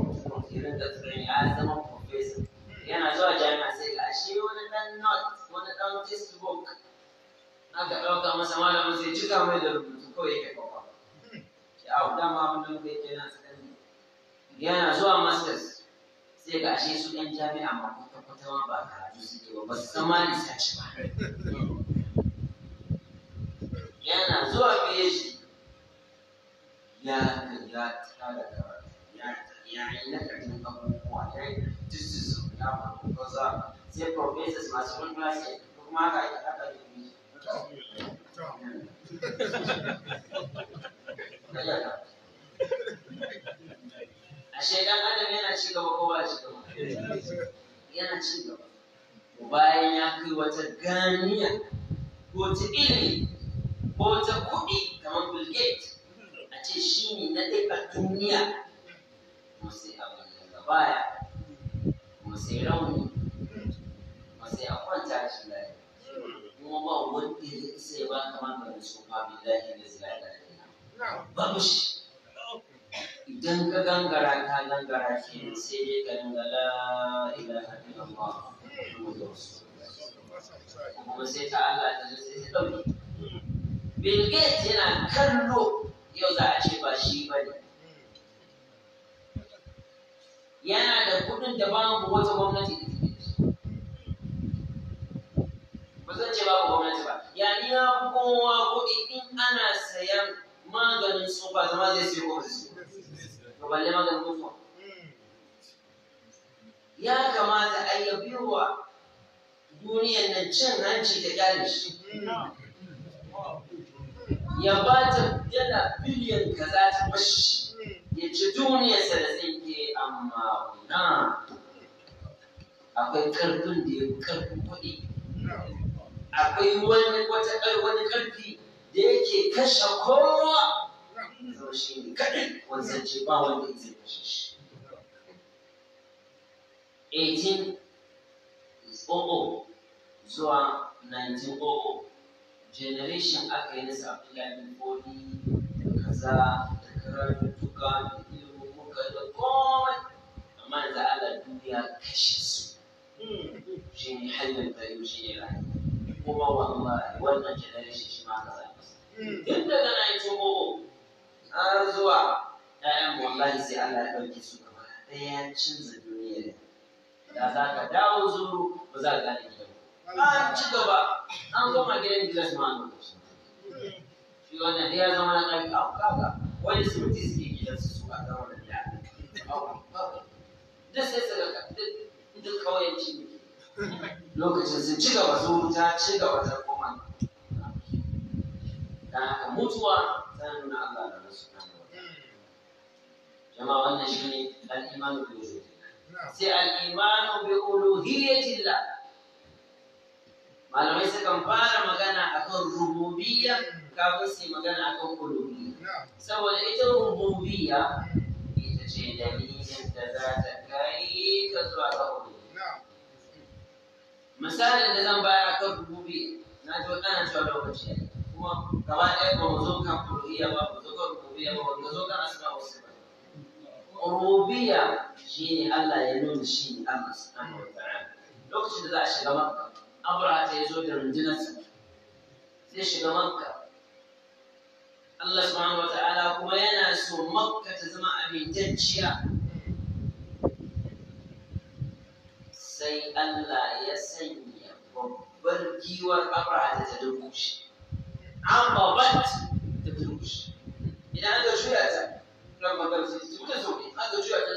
irin da tsirrai ya zama professor yana zuwa jami'a sai ga shi wani dan not wani dan textbook aka ɗauka masa malamin sai cika mai da rubutu kawai yake kwakwa ya abu dama abin da muka yi kenan tsakanin yana zuwa masters sai ga ashe su ɗan jami'a ma kwata não, ma ba karatu suke ba ba su zama lissaci ba yana zuwa PhD ya ya tada karatu ya yi não, abubuwa ya yi disisu ya faru ko za sai professors masu wani class ya kuma haka ya haka ya yi não, you. ashe dan adam yana ci gaba ko ba ci gaba yana ci gaba bayan ya kai wata ganiya ko ta ilimi ko ta kuɗi kamar Bill Gates a ce shi ne na ɗaya duniya kuma sai abin daga baya kuma sai rauni kuma sai a kwanta shi lafiya kuma ba wanda ya isa ya ba kamar da su ma billahi da zai lafiya babu shi idan ka gangara ka gangara ke sai dai ka dinga la ilaha illallah muhammadu rasulullah kuma sai ta Allah ta sai ta dauke Bill Gates yana kallo yau za a ce ba shi ba ne yana da kudin da babu wata gwamnati da take ba zan ce babu gwamnati ba yani ya kowa kuɗi in ana sayan maganin su ba zama zai sayo gwamnati to maganin ya kamata a yi biyuwa duniyan nan cin hanci da kyale shi ya ba ta dala biliyan za ta mashi ya ci duniyarsa da ke amma na akwai karfin da ya karfin kuɗi akwai wani wata wani karfi da yake kashe kowa zama shi ne kaɗai wanzance ba wanda zai shi aka yi da kaza da karatuttuka da ilimuka da komai amma ala duniya kashe su shi ne hanyar shi rayu wannan generation shi ma aka zaɓa yadda ga 1900 sai Allah ya ɗauke su gaba ɗaya cin canza duniya ne da za ka dawo zuru ba za ka gane ba an ci gaba an zama gidan gilas ma an gama shi wannan ya zama na ƙarfi a kaga wani siminti suke gidan su a ga wannan da duk sai su ga duk ci ne lokacin su ci gaba zuru ta ci gaba ta koma da haka mutuwa ta nuna Allah da rasu jama'a wannan shine al-imanu bi wujud sai al-imanu bi uluhiyyatillah malamai sukan fara magana akan rububiyya kafin su magana akan uluhiyya saboda ita rububiyya ita ce dalilin da za ta kai ka zuwa ga uluhiyya misalin da zan bayar akan rububiyya na ji wadannan cewa lokaci kuma gaba ɗaya ba mu zo kan uluhiyya ba mu zo kan rububiyya ba mu zo kan asma wasu shi ne Allah ya nuna shi Allah subhanahu wa ta'ala lokacin da za a shiga makka abraha ta yi zo da rundunarsa zai shiga makka Allah subhanahu wa ta'ala kuma yana so makka ta zama amintacciya sai Allah ya sanya babbar giwar abraha ta durkushe an babat ta durkushe idan aka shura ta don magar su su ta so in aka juya ta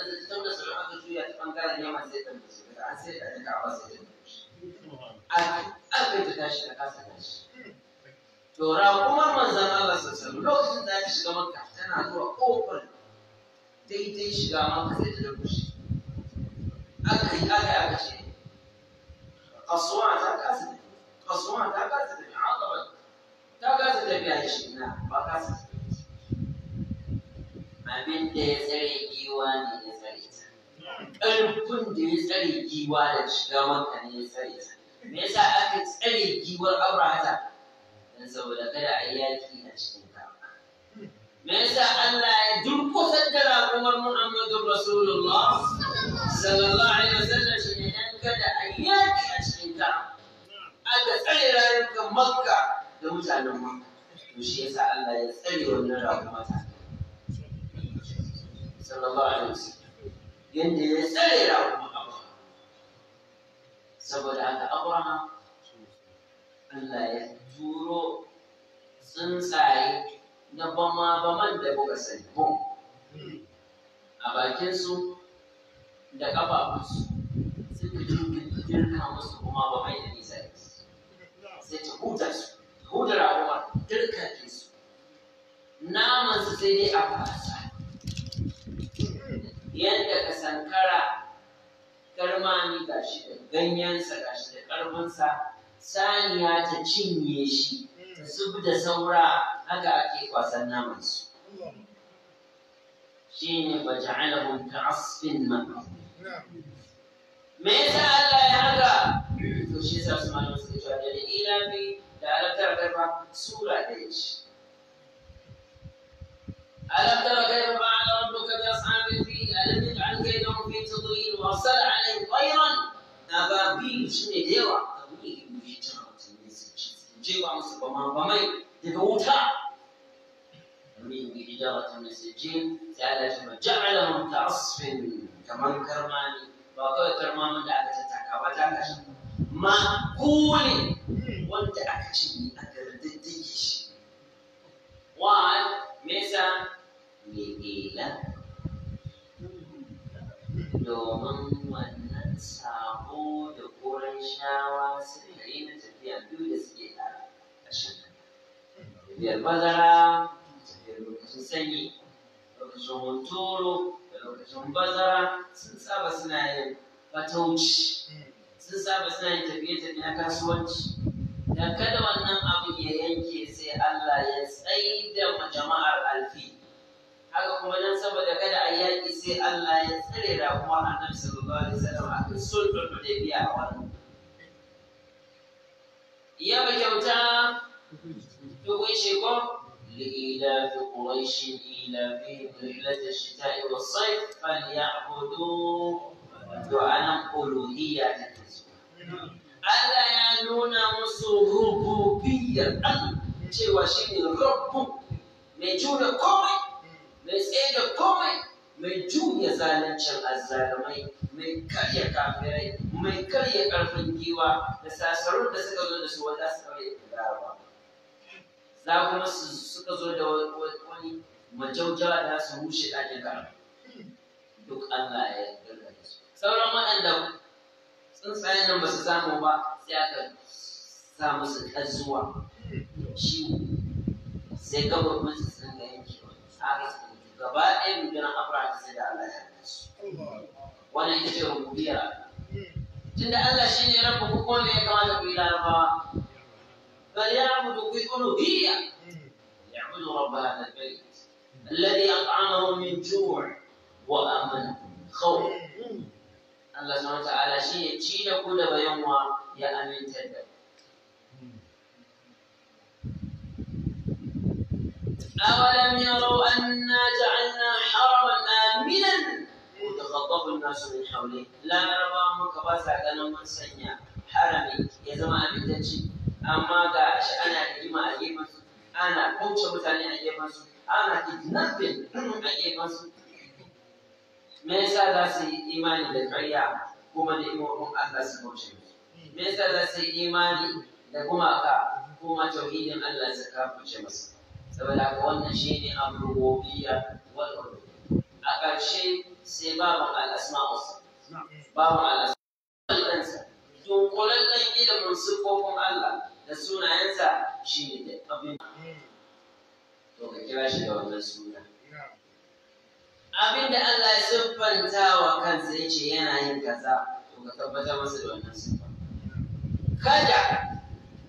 ta tabbata su aka juya ta bangaren yaman sai ta musu daga an sai ta ta kawo sai ta aka ta tashi ta kasa tashi to raƙumar manzan Allah sassalu lokacin da ta shiga makka tana zuwa ƙofar daidai shiga makka sai ta da kushi aka yi aka aka ta ta na ba abin da ya tsare giwa ne ya tsare ta ƙarfin da ya tsare giwa da shiga maka ne ya tsare ta me yasa aka tsare giwar abrahata don saboda kada a yaki a cikin ta me yasa Allah ya durkusar da raƙumar Muhammadu Rasulullah sallallahu alaihi wasallam shi ne dan kada a yaki a cikin ta aka tsare rayuka Makka da mutanen Makka to shi yasa Allah ya tsare wannan raƙumata sallallahu alaihi wasallam yadda ya tsare raƙumin abraham saboda haka abraham Allah ya turo tsuntsaye na bama baman da buga sani a bakinsu da ƙafafunsu suka jirka musu kuma ba mai da nisa sai ta huta su huda raƙuma dirka ke su naman su sai dai a fasa yadda ka sankara garmani ga shi da ganyensa ga shi da ƙarfinsa saniya ta cinye shi ta zub da saura haka ake kwasan namansu shi ne ba ja'alahum ta asfin ma'ahu me yasa Allah ya haka to shi yasa su malamu suka cewa da ilafi da alamtar garba sura da ya ce alamtar garba ma'ana wanda ka ta sami ألم يجعل كيدهم في تضليل وأرسل عليهم طيرا أبابيل شنو ديوا تضليل جيوا مصر بمان بمي تبوتا من بحجارة من سجين تعالى ثم جعلهم كعصف كمان كرماني باقي كرمان لا تتكا وتعالى ما قولي وانت أكشني أكردتيش وان ميسا ميلا domin wannan sako da shawa suka yi na tafiya biyu da suke a ƙarshen tafiyar bazara tafiyar lokacin sanyi lokacin hunturu da lokacin bazara sun saba suna yin fatauci sun saba suna yin tafiye-tafiye na kasuwanci da kada wannan abin ya yanke sai Allah ya tsaida da jama'ar alfi haka kuma nan saboda kada a yaƙi sai Allah ya tsare ramuwar annabi sallallahu alaihi wasallam a kan sulhul hudaybiya a wannan ya ba kyauta tukun shekon لإيلاف قريش إيلافهم رحلة الشتاء والصيف فليعبدوا دعاء ألوهية Allah ya nuna musu rububiyyar Allah cewa shi ne rabbu mai juna komai mai tsaye da komai mai juya zaluncin azzalumai mai karya kafirai mai karya karfin giwa da sasarun da suka zo da su wanda su karya kudarawa za kuma suka zo da wani majaujawa da su rushe ɗakin ka. duk Allah ya yarda da su sauran waɗanda tsuntsayen nan ba su samu ba sai aka sa musu ƙazuwa ciwo sai gabar musu sun ga yankewa قبائل من أفراد الزيادة على الناس وانا يجيروا مبيرا تند ألا شيني ربه كون لي قالوا إلى ربا فليعبدوا في ألوهية يعبدوا رب هذا البيت الذي أطعمهم من جوع وأمن خوف الله سبحانه وتعالى شيء شيء كل يوم يا أمين تدب أولم يروا أنا جعلنا حرما آمنا يتخطف الناس من حوله لا نرى مكبسا ganin mun sanya harami ya zama amintacci amma ga shi ana rigima a gefen su ana kauce mutane a gefen su ana kidnapping a gefen su me yasa za su yi imani da ƙarya kuma da imomin Allah su kauce me za su yi da Allah kafuce masu? saboda haka wannan shi ne amrubiyya wal uluhiyya a ƙarshe sai baban al'asma'us asmau baban al-asma'u dunkulallen ilimin siffofin Allah da sunayensa shi ne da abin to ka kira shi da wannan suna abin da Allah ya siffanta wa kansa ya ce yana yin kaza to ka tabbatar masa da wannan siffa kada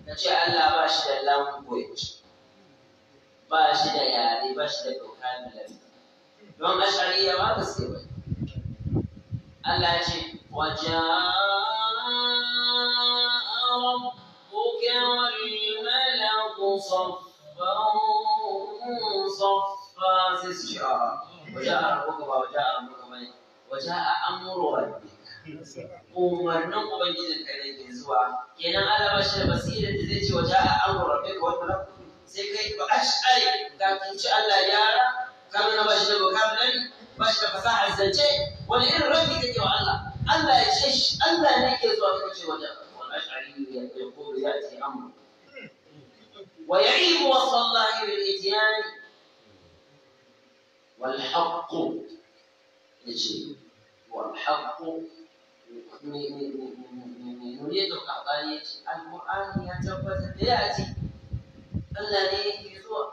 ka ce Allah ba shi da lamun koyace ba shi da yare ba shi da doka da Don don ashariya ba ka sai ba? Allah ya ce wajen ربك والملك صفا a وجاء ربك ربك أمر ربك umarnin ubangijin ka ne ke zuwa kenan ala bashi da basira da zai a sai kai ba ash'ari ka tunci Allah yara kana na bashi da vocabulary bashi da fasahar zance wani irin rafi kake wa Allah Allah ya ce Allah ne ke zuwa kace wa ash'ari ya yaqulu ya'ti amru wa ya'ibu wa sallahi bil ityan wal haqq yace wal haqq من من من من يدرك القرآن القرآن يتبت يأتي Allah ne yake zuwa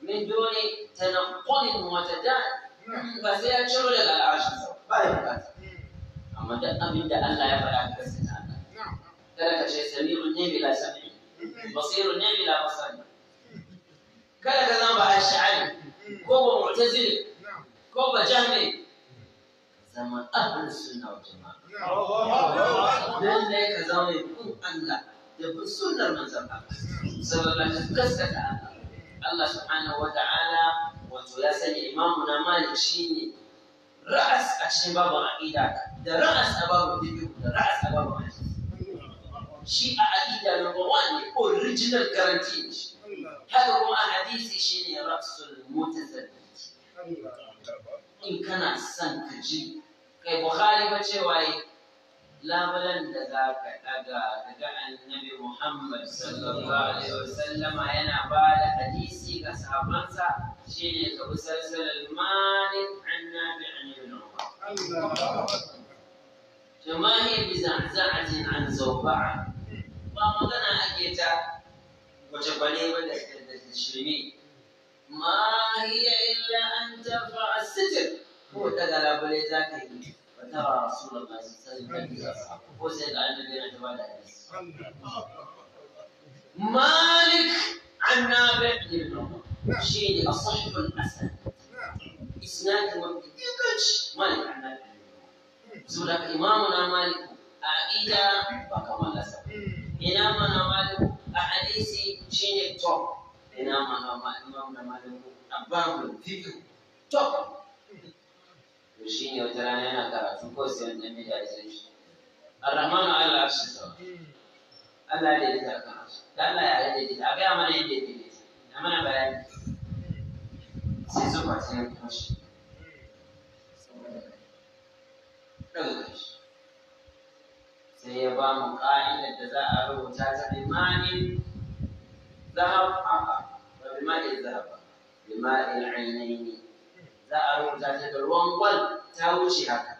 min dole kuni wa tadad ba sai ya daga al'arshin sa ba ya bukata amma duk abin Allah ya faɗa ka sai Allah kada ka ce sami'un ne bila sami basirun ne bila basari kada ka zama ba ash'ari ko ba ko ba zama jama'a ka zama kun Allah da bin sunnar manzon Allah sallallahu alaihi wasallam gaskata Allah Allah subhanahu wa ta'ala wato ya sanya imamu na malik shine ra'as a cikin babu aqida da ra'as a babu fiqh da ra'as a babu shi a aqida number 1 ne original guarantee haka kuma a hadisi shine ra'sul mutazakkik in kana son ka ji kai bukhari ba ce waye? labulan da za ka ɗaga daga annabi Muhammad sallallahu alaihi wasallama yana ba da hadisi ga sahabansa shine ka bi salsalar malik annabi an ibn Umar. za a zanza'atin an zawba'a ba magana ake ta wace bane ba da shirme. Ma hiya illa an tafa asitir ko daga labule za ka yi. ترى رسول الله صلى الله عليه وسلم وزن على المدينه ولا يس مالك عن نابع بن عمر شيني اصح الاسد اسناد وقتش مالك عن نافع سورة إمامنا مالك اعيدا بكما الاسد سبب إمامنا مالك أحاديثي شيني توب إمامنا مالك أبابل فيكم توب to shi ne wata rana yana karatu ko sai wani namiji ya san shi arrahmanu ala arshi sawa Allah ya daidaita kan arshi da Allah ya daidaita a gaya mana yadda ya daidaita a mana bayani sai zuba sai ya kuma shi ɗaukar shi sai ya ba mu ƙa'idar da za a rubuta ta imanin zahab haka wa bima'in zahab bima'in ainihin za a rubuta ta da ruwan gwal ta wuce haka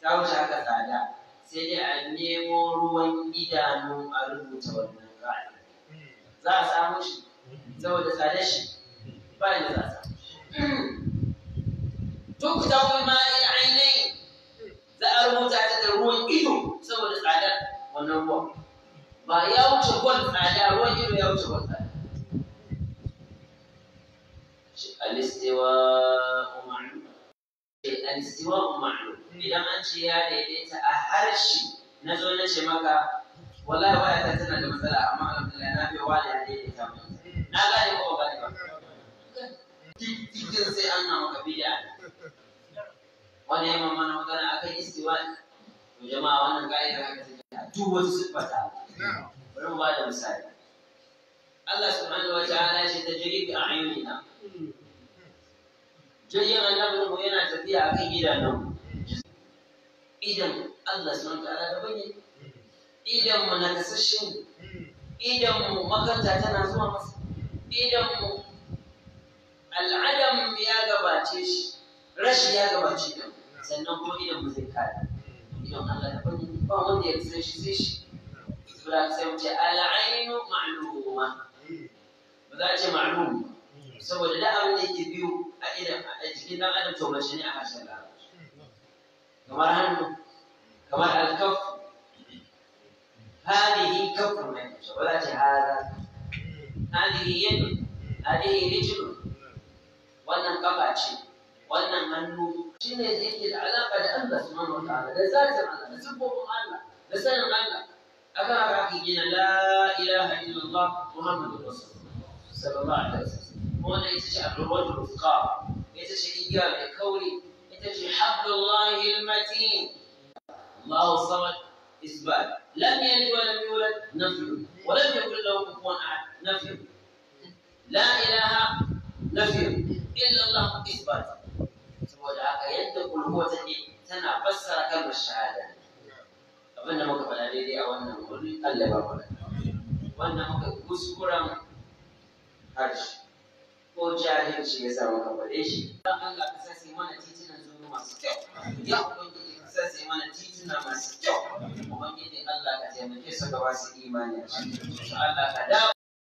ta wuce haka tsada sai dai a nemo ruwan idanu a rubuta wannan ka'ida za a samu shi saboda tsada shi ba inda za a samu shi tuktabu ma ainihin za a rubuta ta da ruwan ido saboda tsada, wannan ruwan ba ya wuce gwal tsada ruwan ido ya wuce gwal tsada الاستواء معلوم الاستواء معلوم idan an ce ya daidaita a harshe na zo na ce maka wallahi waya ta tana da matsala amma alhamdulillah na ya daidaita mu na gane ba ba sai an na maka bidiya wani yamma mana magana akan istiwa to jama'a wannan ka'idar haka take duk wasu siffata bari mu ba da misali Allah subhanahu wa ta'ala shi tajribi a'yunina jirgin annabinmu yana tafiya a kan idanun idan Allah sun ta'ala da ne idan mu na kasashen idan mu makanta tana zuwa masa idan mu al'adam ya gabace shi rashi ya gabace da sannan kuma idan mu zai kare idan Allah da ne ba wanda ya san shi zai shi Ibrahim sai mu ce al'ainu ma'luma ba za a ce ma'luma saboda la'amun da yake biyu a idan a cikin dan adam taurace ne a harshen larabci kamar hannu kamar alkaf hadihi kafun mai kusa ba za ta hada hadihi yadu hadihi rijlu wannan kafa ce wannan hannu shi ne yake da alaƙa da Allah subhanahu wa ta'ala da zatin Allah da siffofin Allah da sanin Allah akan haka ake gina la ilaha illallah muhammadur rasulullah sallallahu alaihi wasallam هنا يتجعل الرجل الفقار يتجعل بكوني يتجعل حبل الله المتين الله صمد إثبات لم يلد ولم يولد نفل ولم يكن له كفوا أحد نفل لا إله نفل إلا الله إثبات سبحانه يدك القوة التي تنافسها كم الشهادة وأنا مكب الأليلي أو أنا مكب الأليلي وأنا مكب كسكرا هرشي ko jahilci ya sa maka faɗe shi dan Allah ka sa sai mana titunan zuwa masu kyau ya ubangiji ka sa sai mana tituna masu kyau Kuma ubangiji Allah ka taimake su ga wasu imani Allah ka dawo